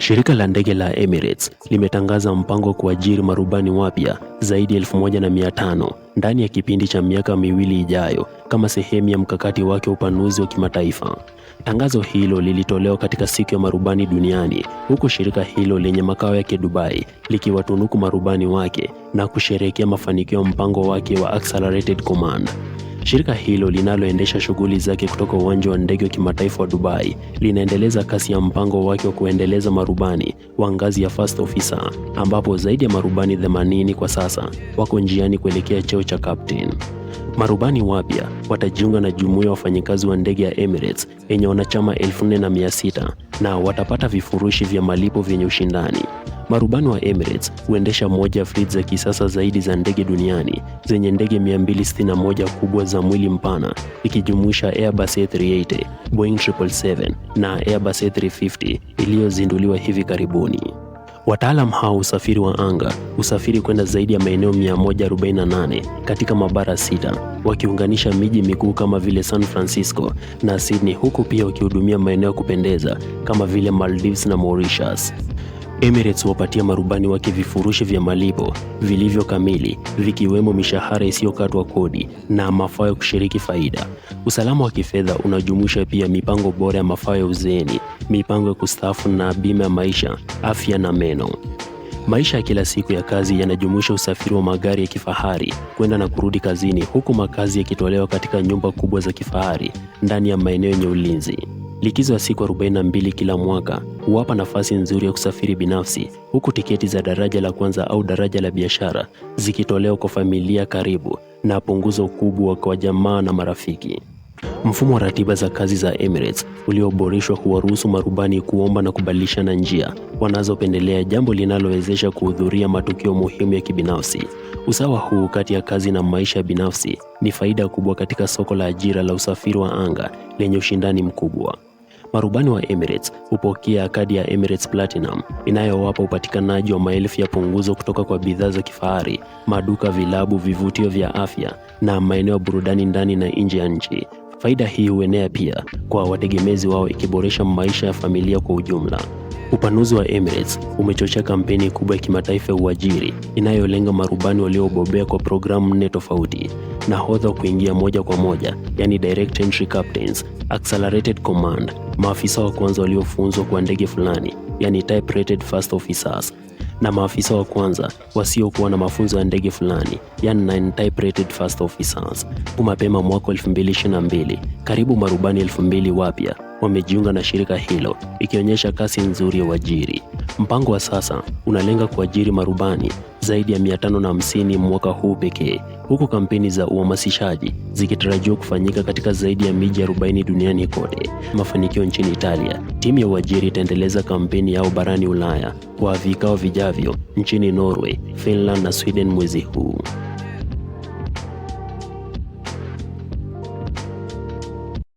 Shirika la ndege la Emirates limetangaza mpango wa kuajiri marubani wapya zaidi ya 1500 ndani ya kipindi cha miaka miwili ijayo kama sehemu ya mkakati wake wa upanuzi wa kimataifa. Tangazo hilo lilitolewa katika siku ya marubani duniani, huku shirika hilo lenye makao yake Dubai likiwatunuku marubani wake na kusherehekea mafanikio ya mpango wake wa Accelerated Command. Shirika hilo linaloendesha shughuli zake kutoka uwanja wa ndege wa kimataifa wa Dubai linaendeleza kasi ya mpango wake wa kuendeleza marubani wa ngazi ya first officer, ambapo zaidi ya marubani 80 kwa sasa wako njiani kuelekea cheo cha captain. Marubani wapya watajiunga na jumuiya ya wafanyikazi wa ndege ya Emirates yenye wanachama 4600 na watapata vifurushi vya malipo vyenye ushindani. Marubani wa Emirates huendesha moja ya fleet za kisasa zaidi za ndege duniani zenye ndege 261 kubwa za mwili mpana ikijumuisha Airbus A380, Boeing 777 na Airbus A350 iliyozinduliwa hivi karibuni. Wataalam hao usafiri wa anga usafiri kwenda zaidi ya maeneo 148 katika mabara sita, wakiunganisha miji mikuu kama vile San Francisco na Sydney, huku pia wakihudumia maeneo ya kupendeza kama vile Maldives na Mauritius. Emirates wapatia marubani wake vifurushi vya malipo vilivyo kamili vikiwemo mishahara isiyokatwa kodi na mafao ya kushiriki faida. Usalama wa kifedha unajumuisha pia mipango bora ya mafao ya uzeeni, mipango ya kustaafu na bima ya maisha, afya na meno. Maisha ya kila siku ya kazi yanajumuisha usafiri wa magari ya kifahari kwenda na kurudi kazini, huku makazi yakitolewa katika nyumba kubwa za kifahari ndani ya maeneo yenye ulinzi. Likizo ya siku 42 kila mwaka huwapa nafasi nzuri ya kusafiri binafsi, huku tiketi za daraja la kwanza au daraja la biashara zikitolewa kwa familia karibu na punguzo kubwa kwa jamaa na marafiki. Mfumo wa ratiba za kazi za Emirates ulioboreshwa kuwaruhusu marubani kuomba na kubadilishana njia wanazopendelea, jambo linalowezesha kuhudhuria matukio muhimu ya kibinafsi. Usawa huu kati ya kazi na maisha binafsi ni faida kubwa katika soko la ajira la usafiri wa anga lenye ushindani mkubwa. Marubani wa Emirates hupokea kadi ya Emirates Platinum inayowapa upatikanaji wa maelfu ya punguzo kutoka kwa bidhaa za kifahari, maduka, vilabu, vivutio vya afya na maeneo ya burudani ndani na nje ya nchi. Faida hii huenea pia kwa wategemezi wao, ikiboresha maisha ya familia kwa ujumla. Upanuzi wa Emirates umechochea kampeni kubwa ya kimataifa ya uajiri inayolenga marubani waliobobea kwa programu nne tofauti: nahodha kuingia moja kwa moja, yani direct entry captains, accelerated command maafisa wa kwanza waliofunzwa kwa ndege fulani, yani type rated first officers, na maafisa wa kwanza wasiokuwa na mafunzo ya ndege fulani, yani non type rated first officers. Mapema mwaka 2022 karibu marubani 2000 wapya wamejiunga na shirika hilo, ikionyesha kasi nzuri ya uajiri. Mpango wa sasa unalenga kuajiri marubani zaidi ya 550 mwaka huu pekee, huku kampeni za uhamasishaji zikitarajiwa kufanyika katika zaidi ya miji 40 duniani kote. Mafanikio nchini Italia, timu ya Uajiri itaendeleza kampeni yao barani Ulaya kwa vikao vijavyo nchini Norway, Finland na Sweden mwezi huu.